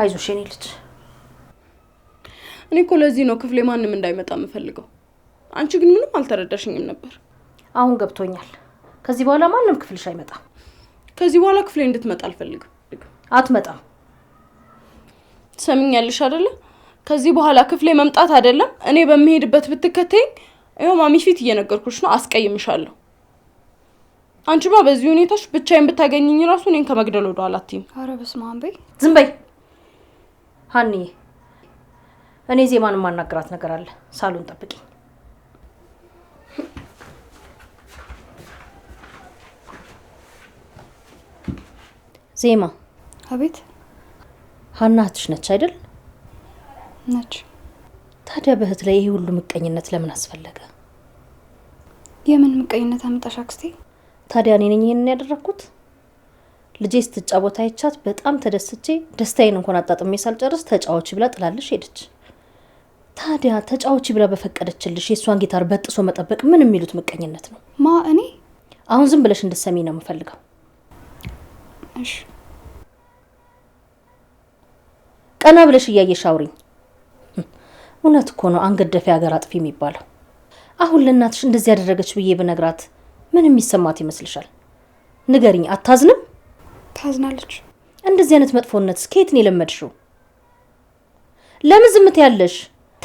አይዞሽ የኔ ልጅ። እኔ እኮ ለዚህ ነው ክፍሌ ማንም እንዳይመጣ የምፈልገው። አንቺ ግን ምንም አልተረዳሽኝም ነበር። አሁን ገብቶኛል። ከዚህ በኋላ ማንም ክፍልሽ አይመጣም። ከዚህ በኋላ ክፍሌ እንድትመጣ አልፈልግም። አትመጣም። ሰምኛለሽ አይደለ? ከዚህ በኋላ ክፍሌ መምጣት አይደለም እኔ በምሄድበት ብትከተኝ ይኸው ማሚ ፊት እየነገርኩሽ ነው፣ አስቀይምሻለሁ። አንቺማ በዚህ ሁኔታሽ ብቻዬን ብታገኝኝ ራሱ እኔን ከመግደል ወደ አላትም። ኧረ በስመ አብ በይ፣ ዝም በይ። ሀኒዬ፣ እኔ ዜማን ማናገራት ነገር አለ። ሳሎን ጠብቂኝ። ዜማ። አቤት። ሀና እህትሽ ነች አይደል? ነች። ታዲያ በእህት ላይ ይሄ ሁሉ ምቀኝነት ለምን አስፈለገ? የምን ምቀኝነት አመጣሽ አክስቴ? ታዲያ እኔ ነኝ ይህንን ያደረግኩት? ልጄ ስትጫወት አይቻት በጣም ተደስቼ ደስታዬን እንኳን አጣጥሜ ሳልጨርስ ተጫዋች ብላ ጥላልሽ ሄደች። ታዲያ ተጫዋች ብላ በፈቀደችልሽ የእሷን ጊታር በጥሶ መጠበቅ ምን የሚሉት ምቀኝነት ነው? ማ እኔ አሁን ዝም ብለሽ እንድትሰሚ ነው የምፈልገው። እሺ ቀና ብለሽ እያየሽ አውሪኝ። እውነት እኮ ነው አንገት ደፊ ሀገር አጥፊ የሚባለው። አሁን ለእናትሽ እንደዚህ ያደረገች ብዬ ብነግራት ምን የሚሰማት ይመስልሻል? ንገሪኝ። አታዝንም? ታዝናለች። እንደዚህ አይነት መጥፎነት ከየት ነው የለመድሽው? ለምን ዝምት ያለሽ?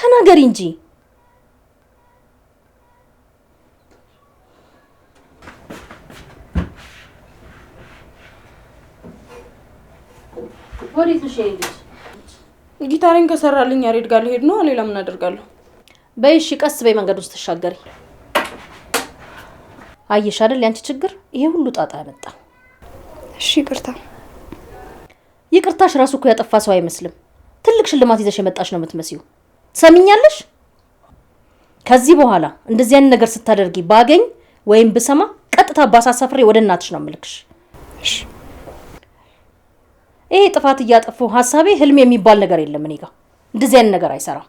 ተናገሪ እንጂ። ወዴት ጊታሬን ከሰራልኝ ያሬድ ጋር ልሄድ ነው። ሌላ ምን አደርጋለሁ? በይሽ ቀስ በይ፣ መንገድ ውስጥ ተሻገሪ። አየሽ አይደል ያንቺ ችግር ይሄ ሁሉ ጣጣ ያመጣ እሺ ይቅርታ። ይቅርታሽ ራሱ እኮ ያጠፋ ሰው አይመስልም። ትልቅ ሽልማት ይዘሽ የመጣሽ ነው የምትመስዩ። ትሰሚኛለሽ? ከዚህ በኋላ እንደዚህ አይነት ነገር ስታደርጊ ባገኝ ወይም ብሰማ ቀጥታ ባሳሰፍሬ ወደ እናትሽ ነው ምልክሽ። ይሄ ጥፋት እያጠፉ ሀሳቤ ህልም የሚባል ነገር የለም እኔ ጋ። እንደዚህ አይነት ነገር አይሰራም።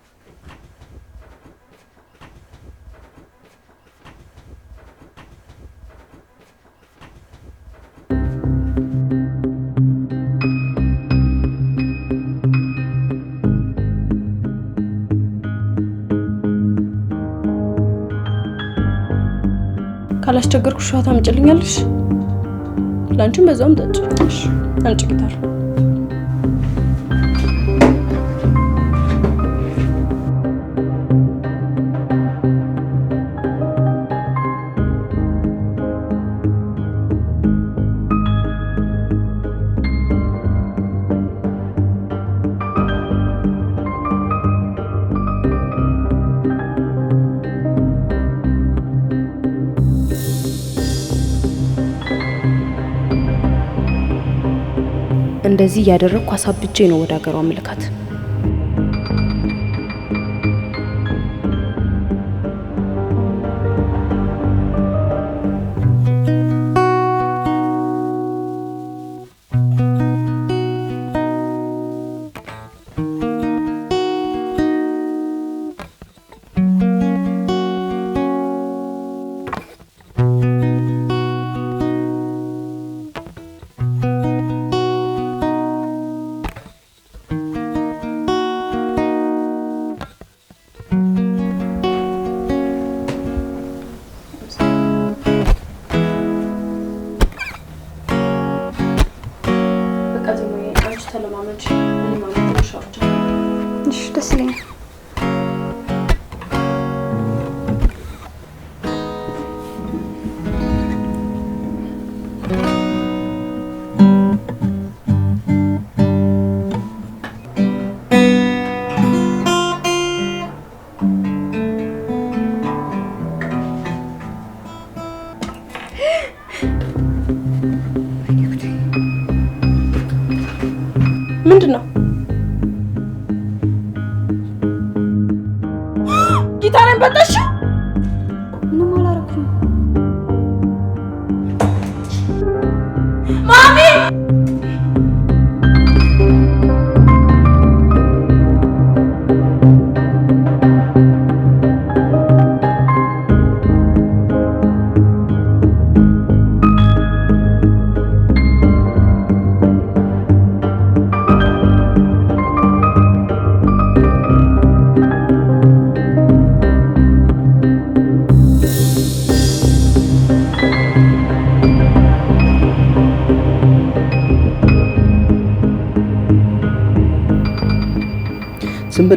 ካላስቸገርኩሽ ውሃ ታምጪልኛለሽ? ለአንቺም በዛውም ጠጭ። እሺ፣ አምጪ ጊታር እንደዚህ እያደረግኩ አሳብጄ ነው ወደ ሀገሯ ምልካት።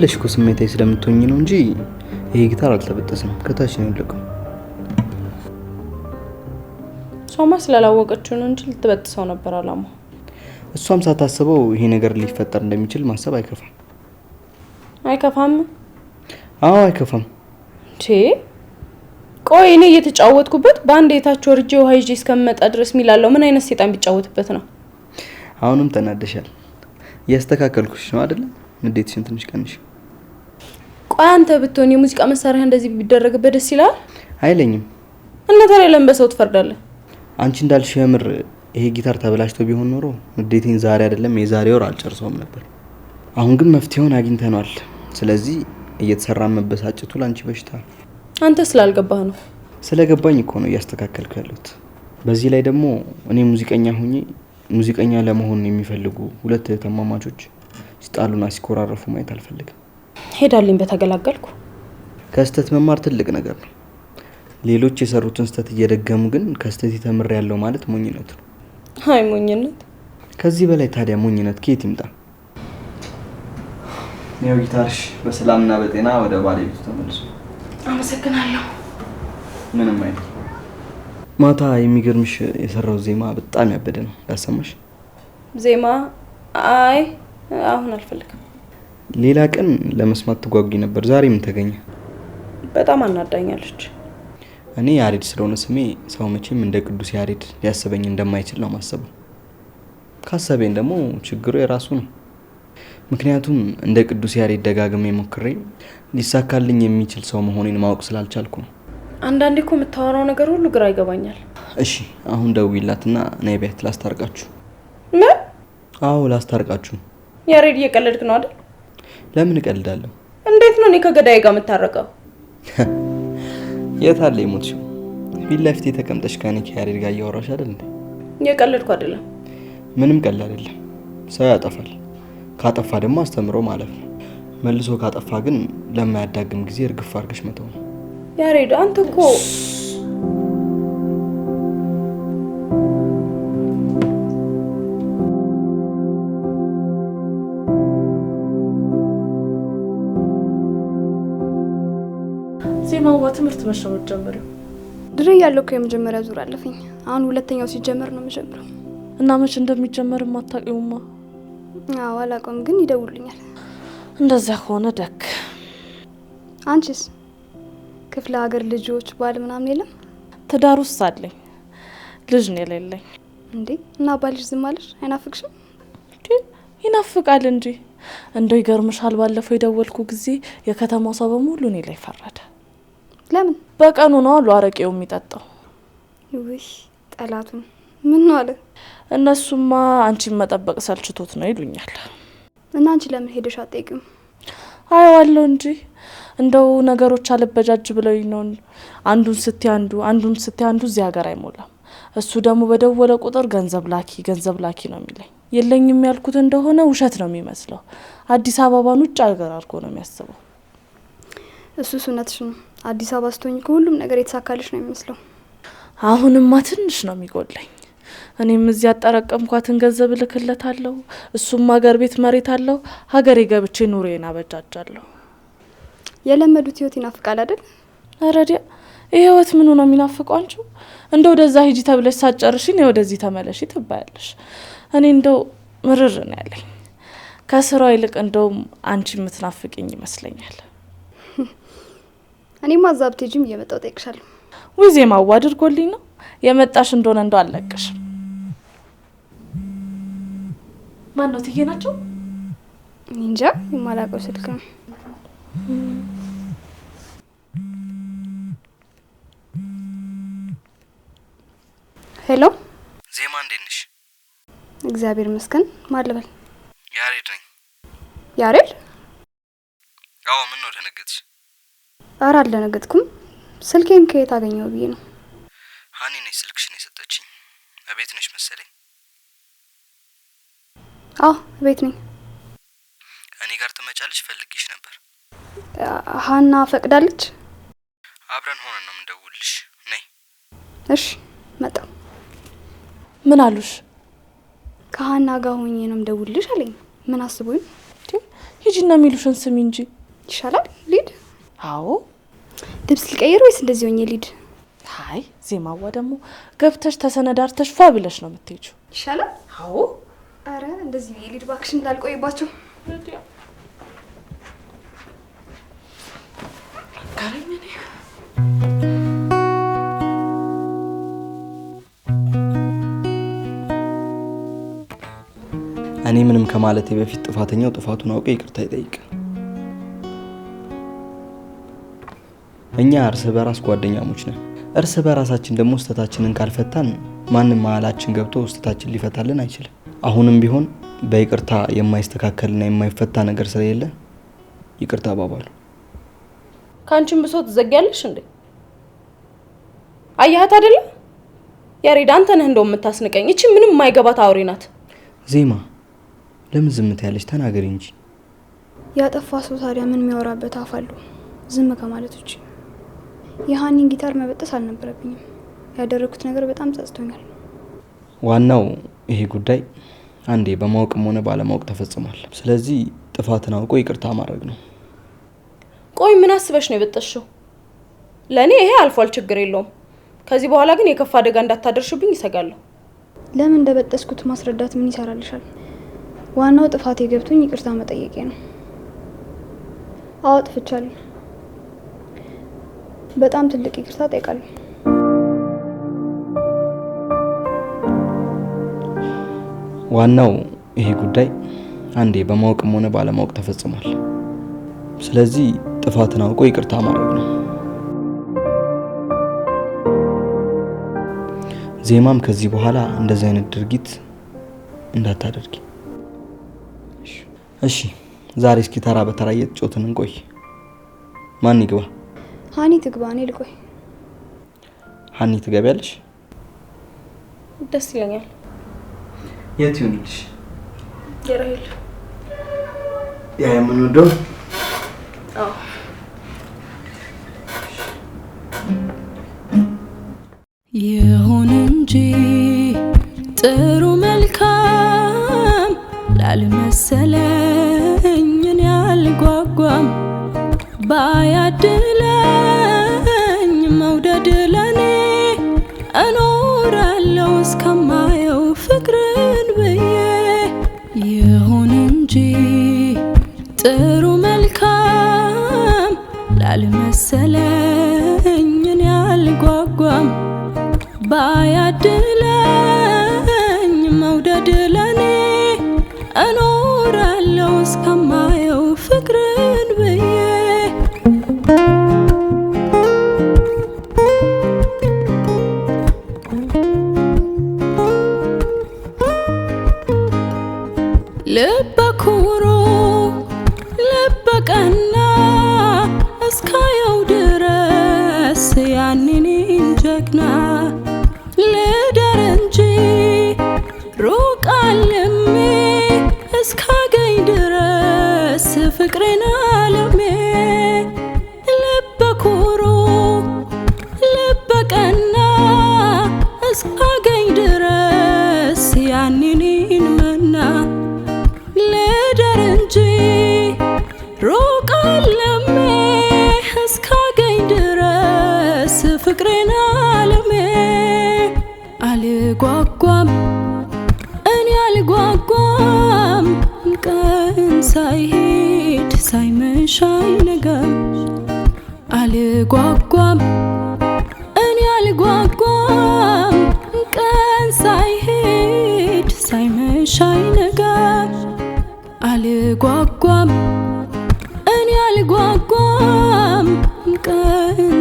ብለሽ እኮ ስሜታዊ ስለምትሆኝ ነው እንጂ ይሄ ጊታር አልተበጠሰም፣ ከታች ነው ያለቀው። ሶማ ስላላወቀችው ነው እንጂ ልትበጥሰው ነበር አላማ። እሷም ሳታስበው ይሄ ነገር ሊፈጠር እንደሚችል ማሰብ አይከፋም። አይከፋም? አዎ አይከፋም። እንዴ ቆይ እኔ እየተጫወትኩበት በአንድ የታች ወርጄ ውሃ ይዤ እስከመጣ ድረስ የሚላለው ምን አይነት ሴጣን ቢጫወትበት ነው? አሁንም ተናደሻል። እያስተካከልኩሽ ነው አይደለም? ንዴትሽን ትንሽ ቀንሽ። ቆይ አንተ ብትሆን የሙዚቃ መሳሪያ እንደዚህ ቢደረግበት ደስ ይላል አይለኝም። እና ታዲያ ለምን በሰው ትፈርዳለህ? አንቺ እንዳልሽ የምር ይሄ ጊታር ተበላሽቶ ቢሆን ኖሮ ንዴቴን ዛሬ አይደለም የዛሬ ወር አልጨርሰውም ነበር። አሁን ግን መፍትሄውን አግኝተኗል። ስለዚህ እየተሰራ መበሳጨቱ ላንቺ በሽታ። አንተ ስላልገባህ ነው። ስለገባኝ እኮ ነው እያስተካከልኩ ያሉት። በዚህ ላይ ደግሞ እኔ ሙዚቀኛ ሆኜ ሙዚቀኛ ለመሆን የሚፈልጉ ሁለት ተማማቾች ሲጣሉና ሲኮራረፉ ማየት አልፈልግም። ሄዳልኝ በተገላገልኩ። ከስህተት መማር ትልቅ ነገር ነው። ሌሎች የሰሩትን ስህተት እየደገሙ ግን ከስህተት የተምር ያለው ማለት ሞኝነት ነው። አይ ሞኝነት ከዚህ በላይ ታዲያ ሞኝነት ከየት ይምጣ? ያው ጊታርሽ በሰላምና በጤና ወደ ባለቤቱ ተመልሶ አመሰግናለሁ። ምንም አይነት ማታ የሚገርምሽ የሰራው ዜማ በጣም ያበደ ነው። ያሰማሽ ዜማ? አይ አሁን አልፈልግም። ሌላ ቀን ለመስማት ትጓጉ ነበር። ዛሬ ምን ተገኘ? በጣም አናዳኛለች። እኔ ያሬድ ስለሆነ ስሜ ሰው መቼም እንደ ቅዱስ ያሬድ ሊያስበኝ እንደማይችል ነው ማሰበው። ካሰበኝ ደግሞ ችግሩ የራሱ ነው። ምክንያቱም እንደ ቅዱስ ያሬድ ደጋግሜ ሞክሬ ሊሳካልኝ የሚችል ሰው መሆኔን ማወቅ ስላልቻልኩ ነው። አንዳንዴ እኮ የምታወራው ነገር ሁሉ ግራ ይገባኛል። እሺ አሁን ደውዪላትና ነይ ቤት ላስታርቃችሁ። ምን? አዎ ላስታርቃችሁ። ያሬድ እየቀለድክ ነው አይደል? ለምን እቀልዳለሁ? እንዴት ነው እኔ ከገዳይ ጋር የምታረቀው? የት አለ የሞትሽው? ፊት ለፊት የተቀምጠሽ ከኔ ከያሬድ ጋር እያወራሽ አይደል እንዴ? እየቀለድኩ አይደለም። ምንም ቀልድ አይደለም። ሰው ያጠፋል። ካጠፋ ደግሞ አስተምሮ ማለት ነው። መልሶ ካጠፋ ግን ለማያዳግም ጊዜ እርግፍ አድርገሽ መተው ነው። ያሬድ አንተ እኮ ትምህርት መቼ ነው የምትጀምሪው? ድሬ እያለሁ እኮ የመጀመሪያ ዙር አለፈኝ። አሁን ሁለተኛው ሲጀመር ነው የምጀምረው። እና መቼ እንደሚጀመር አታውቂውማ? አዎ አላውቀውም፣ ግን ይደውሉኛል። እንደዚያ ከሆነ ደክ አንቺስ ክፍለ ሀገር ልጆች፣ ባል ምናምን የለም? ትዳር ውስጥ አለኝ፣ ልጅ ነው የሌለኝ። እንዴ እና ባልሽ ዝም አለሽ? አይናፍቅሽም? ይናፍቃል እንጂ እንደው ይገርምሻል፣ ባለፈው የደወልኩ ጊዜ የከተማው ሰው በሙሉ እኔ ላይ ፈረደ። ለምን በቀኑ ነው አሉ አረቄው የሚጠጣው። ውይ ጠላቱን ምን ነው አለ። እነሱማ አንቺን መጠበቅ ሰልችቶት ነው ይሉኛል። እና አንቺ ለምን ሄደሽ አትጠይቂም? አየዋለሁ እንጂ እንደው ነገሮች አልበጃጅ ብለው ነው። አንዱን ስቲ አንዱ አንዱን ስቲ አንዱ እዚህ ሀገር አይሞላም። እሱ ደግሞ በደወለ ቁጥር ገንዘብ ላኪ ገንዘብ ላኪ ነው የሚለኝ። የለኝም ያልኩት እንደሆነ ውሸት ነው የሚመስለው። አዲስ አበባን ውጭ ሀገር አድርጎ ነው የሚያስበው። እሱ እውነትሽ ነው። አዲስ አበባ ስትሆኝ ከሁሉም ነገር የተሳካልሽ ነው የሚመስለው። አሁንማ ትንሽ ነው የሚጎለኝ። እኔም እዚህ ያጠራቀምኳትን ገንዘብ እልክለታለሁ፣ እሱም ሀገር ቤት መሬት አለው። ሀገሬ ገብቼ ኑሬን አበጃጃለሁ። የለመዱት ህይወት ይናፍቃል አይደል? ረዲያ ይህ ህይወት ምኑ ነው የሚናፍቀው? አንቺው እንደ ወደዛ ሂጂ ተብለሽ ሳትጨርሽ እኔ ወደዚህ ተመለሽ ትባያለሽ። እኔ እንደው ምርር ነው ያለኝ ከስራው ይልቅ እንደውም አንቺ የምትናፍቅኝ ይመስለኛል። እኔማ እዛ ብትሄጂም እየመጣሁ እጠይቅሻለሁ። ውይ ዜማዋ አድርጎልኝ ነው የመጣሽ እንደሆነ እንደው አልለቅሽ። ማን ነው? ትዬ ናቸው። እንጃ የማላውቀው ስልክ ነው። ሄሎ ዜማ፣ እንዴት ነሽ? እግዚአብሔር ይመስገን። ማን ልበል? ያሬድ ነኝ። ያሬድ? አዎ፣ ምን ነው አረ አልደነገጥኩም። ስልኬን ከየት አገኘው ብዬ ነው። ሀኒ ነች ስልክሽን የሰጠችኝ። እቤት ነች መሰለኝ? አዎ እቤት ነኝ። እኔ ጋር ትመጫለሽ? ፈልጌሽ ነበር። ሀና ፈቅዳለች። አብረን ሆነን ነው የምንደውልሽ። ነይ። እሺ መጣ። ምን አሉሽ? ከሀና ጋር ሆኜ ነው የምደውልሽ አለኝ። ምን አስቦኝ? ሂጂና የሚሉሽን ስሚ እንጂ ይሻላል። ሊድ አዎ ልብስ ልቀይር ወይስ እንደዚህ ሆኜ ልሂድ? አይ ዜማዋ ደግሞ ገብተሽ ተሰነዳርተሽ ፏ ብለሽ ነው የምትሄጂው። ይሻላል። አዎ። አረ እንደዚህ ብዬ ልሂድ እባክሽ፣ እንዳልቆይባቸው እኔ ምንም ከማለቴ በፊት ጥፋተኛው ጥፋቱን አውቀ ይቅርታ ይጠይቃል። እኛ እርስ በራስ ጓደኛሞች ነን። እርስ በራሳችን ደግሞ ስህተታችንን ካልፈታን ማንም መሀላችን ገብቶ ስህተታችን ሊፈታልን አይችልም። አሁንም ቢሆን በይቅርታ የማይስተካከልና የማይፈታ ነገር ስለሌለ ይቅርታ ባባሉ። ከአንቺም ብሶ ትዘጊያለሽ እንዴ? አያህት አይደለም ያሬድ፣ አንተ ነህ እንደው የምታስንቀኝ። እቺ ምንም የማይገባት አውሬ ናት። ዜማ ለምን ዝምት ያለች? ተናገሪ እንጂ። ያጠፋ ሰው ታዲያ ምን የሚያወራበት አፍ አለው? ዝም ከማለት ውጭ የሀኒን ጊታር መበጠስ አልነበረብኝም። ያደረኩት ነገር በጣም ጸጽቶኛል። ዋናው ይሄ ጉዳይ አንዴ በማወቅም ሆነ ባለማወቅ ተፈጽሟል። ስለዚህ ጥፋትን አውቆ ይቅርታ ማድረግ ነው። ቆይ ምን አስበሽ ነው የበጠሽው? ለእኔ ይሄ አልፏል፣ ችግር የለውም። ከዚህ በኋላ ግን የከፍ አደጋ እንዳታደርሽብኝ ይሰጋለሁ። ለምን እንደበጠስኩት ማስረዳት ምን ይሰራልሻል? ዋናው ጥፋት ገብቶኝ ይቅርታ መጠየቄ ነው። አዎ አጥፍቻለሁ። በጣም ትልቅ ይቅርታ ጠይቃለሁ። ዋናው ይሄ ጉዳይ አንዴ በማወቅም ሆነ ባለማወቅ ተፈጽሟል። ስለዚህ ጥፋትን አውቆ ይቅርታ ማድረግ ነው። ዜማም ከዚህ በኋላ እንደዚህ አይነት ድርጊት እንዳታደርጊ እሺ። ዛሬ እስኪ ተራ በተራ እየተጫወትን እንቆይ። ማን ይግባ? ሀኒ ትግባ፣ እኔ ልቆይ። ሀኒ ትገቢያለሽ? ደስ ይለኛል። የት ይሁንልሽ? የራሄል ያ የምንወደው ይሁን እንጂ ጥሩ መልካም ላልመሰለኝን ያልጓጓም ባያድል ጥሩ መልካም ላልመሰለኝን ያልጓጓም ባያ ፍቅሬን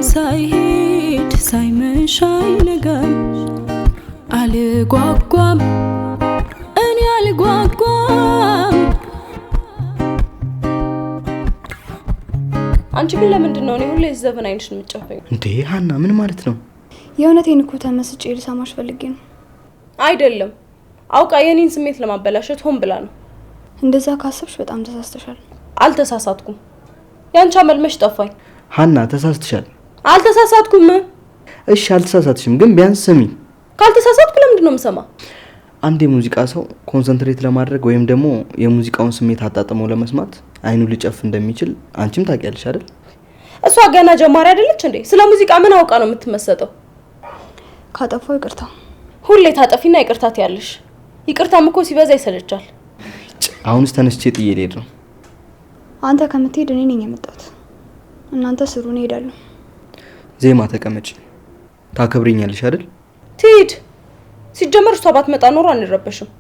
ሳይሄድ ሳይመሽ አይነጋም አልጓጓም እኔ አልጓጓም። አንቺ ግን ለምንድን ነው እኔ ሁሌ ዘበን አይንሽን የምትጨፍኝ እንዴ? ሀና ምን ማለት ነው? የእውነቴን እኮ ተመስጬ ልሰማሽ ፈልጌ ነው። አይደለም አውቃ የኔን ስሜት ለማበላሸት ሆን ብላ ነው። እንደዛ ካሰብሽ በጣም ተሳስተሻል። አልተሳሳትኩም። ያንቺ አመልመሽ ጠፋኝ። ሀና ተሳስተሻል። አልተሳሳትኩም። እሺ አልተሳሳትሽም፣ ግን ቢያንስ ስሚ። ካልተሳሳትኩ ለምንድን ነው የምሰማ? አንድ የሙዚቃ ሰው ኮንሰንትሬት ለማድረግ ወይም ደግሞ የሙዚቃውን ስሜት አጣጥሞ ለመስማት አይኑ ሊጨፍ እንደሚችል አንቺም ታውቂያለሽ አይደል? እሷ ገና ጀማሪ አይደለች እንዴ? ስለ ሙዚቃ ምን አውቃ ነው የምትመሰጠው? ካጠፋው ይቅርታ። ሁሌ ታጠፊና ይቅርታት ያለሽ። ይቅርታም እኮ ሲበዛ ይሰለቻል። አሁንስ ተነስቼ ጥዬ ልሄድ ነው። አንተ ከምትሄድ እኔ ነኝ የመጣሁት። እናንተ ስሩን እሄዳለሁ። ዜማ ተቀመጭ። ታከብሪኛለሽ አይደል? ትሂድ። ሲጀመር እሷ ባትመጣ ኖሮ አንረበሽም።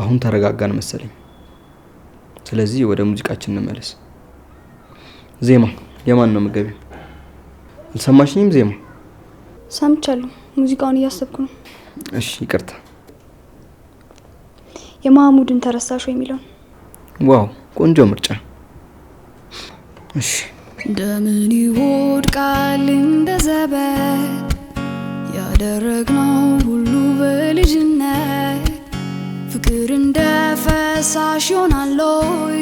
አሁን ተረጋጋን መሰለኝ። ስለዚህ ወደ ሙዚቃችን እንመለስ። ዜማ የማን ነው መገቢው? አልሰማሽኝም? ዜማ ሰምቻለሁ። ሙዚቃውን እያሰብኩ ነው። እሺ ይቅርታ። የማህሙድን ተረሳሽ የሚለውን ዋው፣ ቆንጆ ምርጫ ነው እንደምን ይወድቃል እንደ ዘበት ያደረግነው ሁሉ በልጅነት ፍቅር እንደ ፈሳሽ ይሆናለይ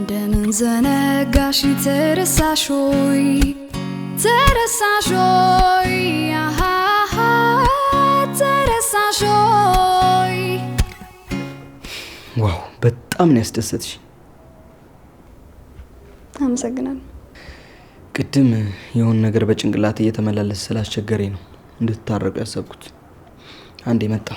እንደምን ዘነጋሽ ተረሳሾይ ተረሳሾይ ተረሳሾይ ዋው በጣም ነው ያስደሰትሽ አመሰግናለሁ። ቅድም የሆን ነገር በጭንቅላት እየተመላለስ ስላስቸገረ ነው እንድትታረቁ ያሰብኩት። አንዴ መጣ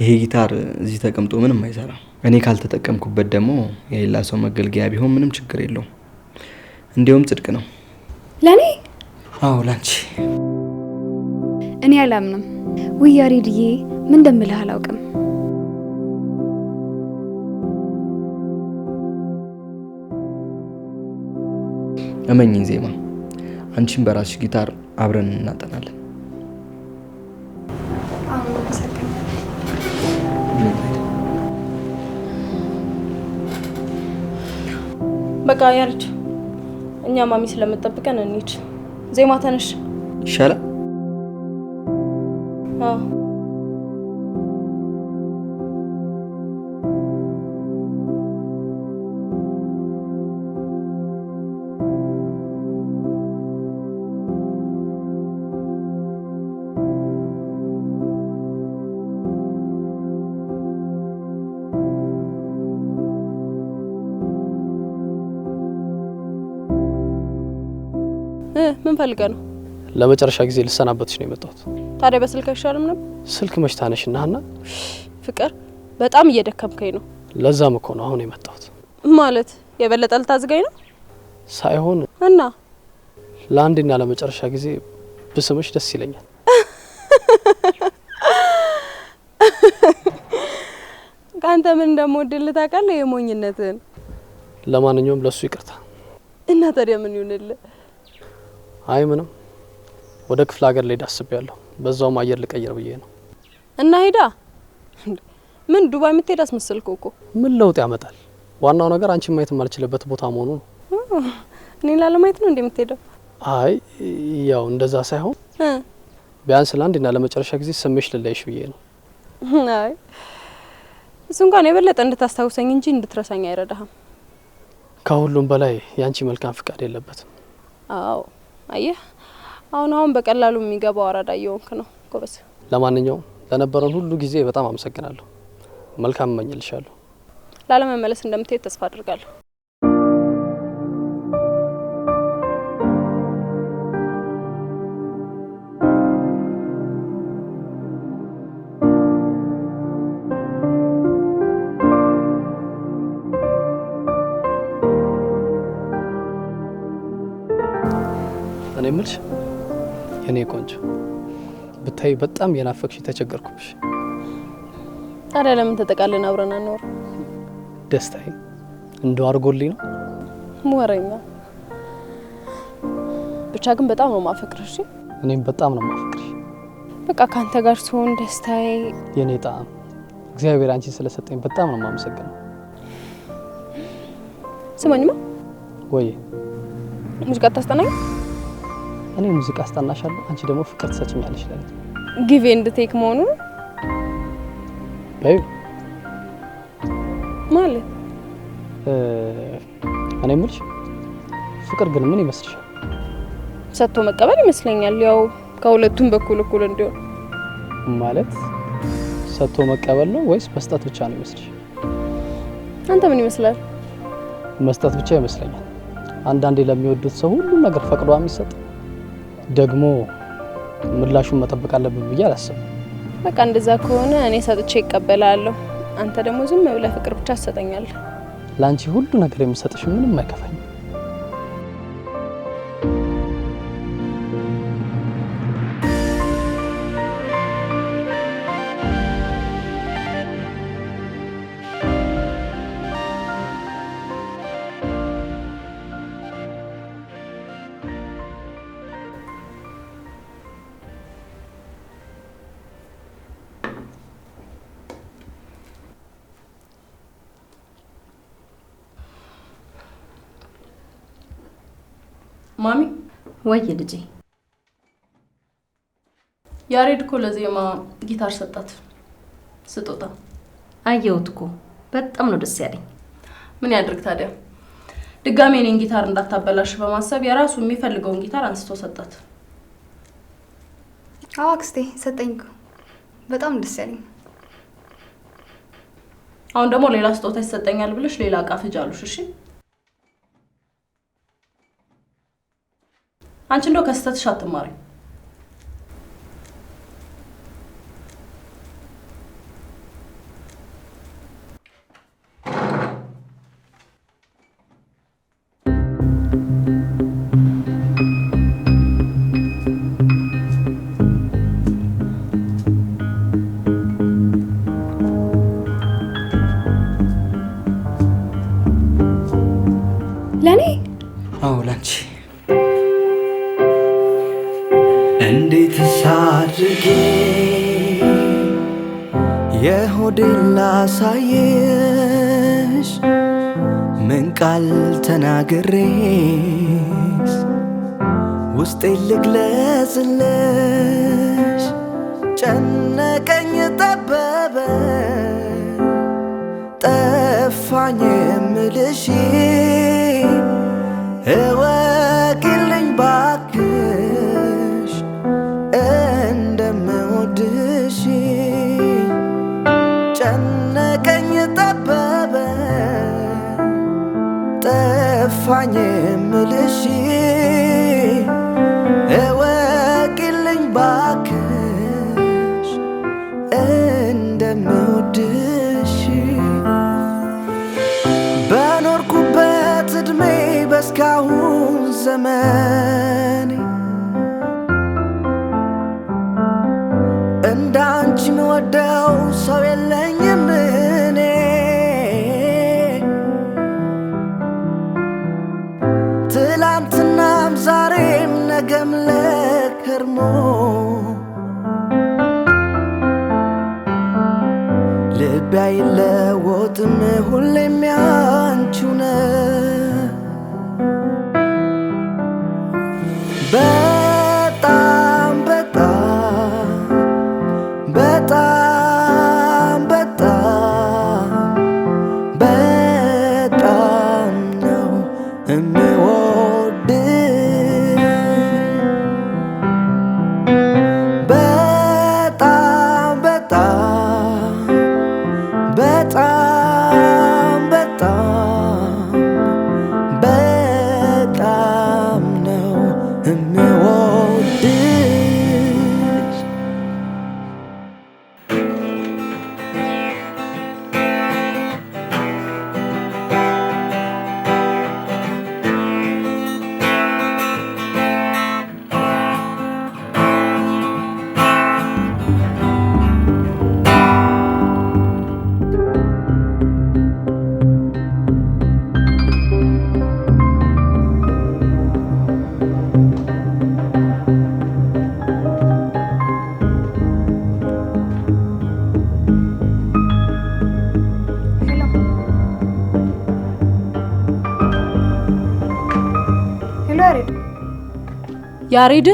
ይሄ ጊታር እዚህ ተቀምጦ ምንም አይሰራም። እኔ ካልተጠቀምኩበት ደግሞ የሌላ ሰው መገልገያ ቢሆን ምንም ችግር የለውም። እንዲሁም ጽድቅ ነው ለእኔ። አዎ ላንቺ። እኔ አላምንም። ውይ ያሬድዬ፣ ምን እንደምልህ አላውቅም። እመኝኝ ዜማ፣ አንቺን በራስሽ ጊታር አብረን እናጠናለን። በቃ ያርጅ። እኛ ማሚ ስለምጠብቀን እንሂድ። ዜማ ተነሽ ይሻላል። ምን ፈልገ ነው? ለመጨረሻ ጊዜ ልሰናበትሽ ነው የመጣሁት። ታዲያ በስልክ አይሻልም ነበር? ስልክ መች ታነሽ እና ፍቅር በጣም እየደከምከኝ ነው። ለዛም እኮ ነው አሁን የመጣሁት። ማለት የበለጠ ልታዝጋኝ ነው? ሳይሆን እና ለአንድና ለመጨረሻ ጊዜ ብስምሽ ደስ ይለኛል። ከአንተ ምን እንደምወድል ታውቃለህ? የሞኝነትን። ለማንኛውም ለሱ ይቅርታ እና ታዲያ ምን ይሁንልህ? አይ ምንም ወደ ክፍለ ሀገር ልሄድ አስቤያለሁ። በዛውም አየር ልቀይር ብዬ ነው። እና ሄዳ ምን ዱባይ የምትሄድ አስመሰልከው እኮ። ምን ለውጥ ያመጣል? ዋናው ነገር አንቺን ማየት የማልችልበት ቦታ መሆኑ ነው። እኔን ላለማየት ነው እንዴ የምትሄደው? አይ ያው እንደዛ ሳይሆን ቢያንስ ለአንድና ለመጨረሻ ጊዜ ስምሽ ልለይሽ ብዬ ነው። አይ እሱ እንኳን የበለጠ እንድታስታውሰኝ እንጂ እንድትረሳኝ አይረዳህም። ከሁሉም በላይ ያንቺ መልካም ፍቃድ የለበትም። አዎ አየህ አሁን አሁን በቀላሉ የሚገባው አራዳ እየሆንክ ነው ጎበዝ። ለማንኛውም ለነበረን ሁሉ ጊዜ በጣም አመሰግናለሁ። መልካም እመኝልሻለሁ። ላለመመለስ እንደምትሄድ ተስፋ አድርጋለሁ። የምልሽ የኔ ቆንጆ ብታይ በጣም የናፈቅሽ ተቸገርኩብሽ። ታዲያ ለምን ተጠቃለን አብረን አንኖር? ደስታዬ እንደው አድርጎልኝ ነው። ወሬኛ ብቻ ግን በጣም ነው ማፈቅርሽ። እኔም በጣም ነው ማፈቅርሽ። በቃ ካንተ ጋር ሲሆን ደስታዬ የኔ ጣም እግዚአብሔር አንቺን ስለሰጠኝ በጣም ነው የማመሰግነው። ስማኝማ ወይ ሙዚቃ ታስጠናኝ እኔ ሙዚቃ አስጠናሻለሁ፣ አንቺ ደግሞ ፍቅር ትሰጭኛለሽ ለኔ። ጊቭ ኤንድ ቴክ መሆኑን በይ ማለት እኔ የምልሽ ፍቅር ግን ምን ይመስልሻል? ሰጥቶ መቀበል ይመስለኛል። ያው ከሁለቱም በኩል እኩል እንዲሆን ማለት ሰጥቶ መቀበል ነው ወይስ መስጠት ብቻ ነው ይመስልሽ? አንተ ምን ይመስላል? መስጠት ብቻ ይመስለኛል። አንዳንዴ ለሚወዱት ሰው ሁሉም ነገር ፈቅዶ የሚሰጥ ደግሞ ምላሹን መጠበቅ አለብን ብዬ አላስብም። በቃ እንደዛ ከሆነ እኔ ሰጥቼ ይቀበላለሁ። አንተ ደግሞ ዝም ብለህ ፍቅር ብቻ ትሰጠኛለህ። ለአንቺ ሁሉ ነገር የምሰጥሽ ምንም አይከፋኝም። ማሚ ወይ ልጄ፣ ያሬድ እኮ ለዜማ ጊታር ሰጣት ስጦታ። አየሁት እኮ በጣም ነው ደስ ያለኝ። ምን ያድርግ ታዲያ፣ ድጋሜ እኔን ጊታር እንዳታበላሽ በማሰብ የራሱ የሚፈልገውን ጊታር አንስቶ ሰጣት። አዎ አክስቴ ሰጠኝ እኮ በጣም ደስ ያለኝ። አሁን ደግሞ ሌላ ስጦታ ይሰጠኛል ብለሽ ሌላ እቃ ፍጅ አሉሽ። እሺ አንቺ እንደው ከስተትሽ አትማሪ ውስጤ ልግለጽልሽ ጨነቀኝ ጠበበ ጠፋኝ የምልሽ እወቂልኝ ባክሽ እንደምወድሽ ጨነቀኝ ጠበበ ጠፋኝ ዘመኔ እንደ ያሬድ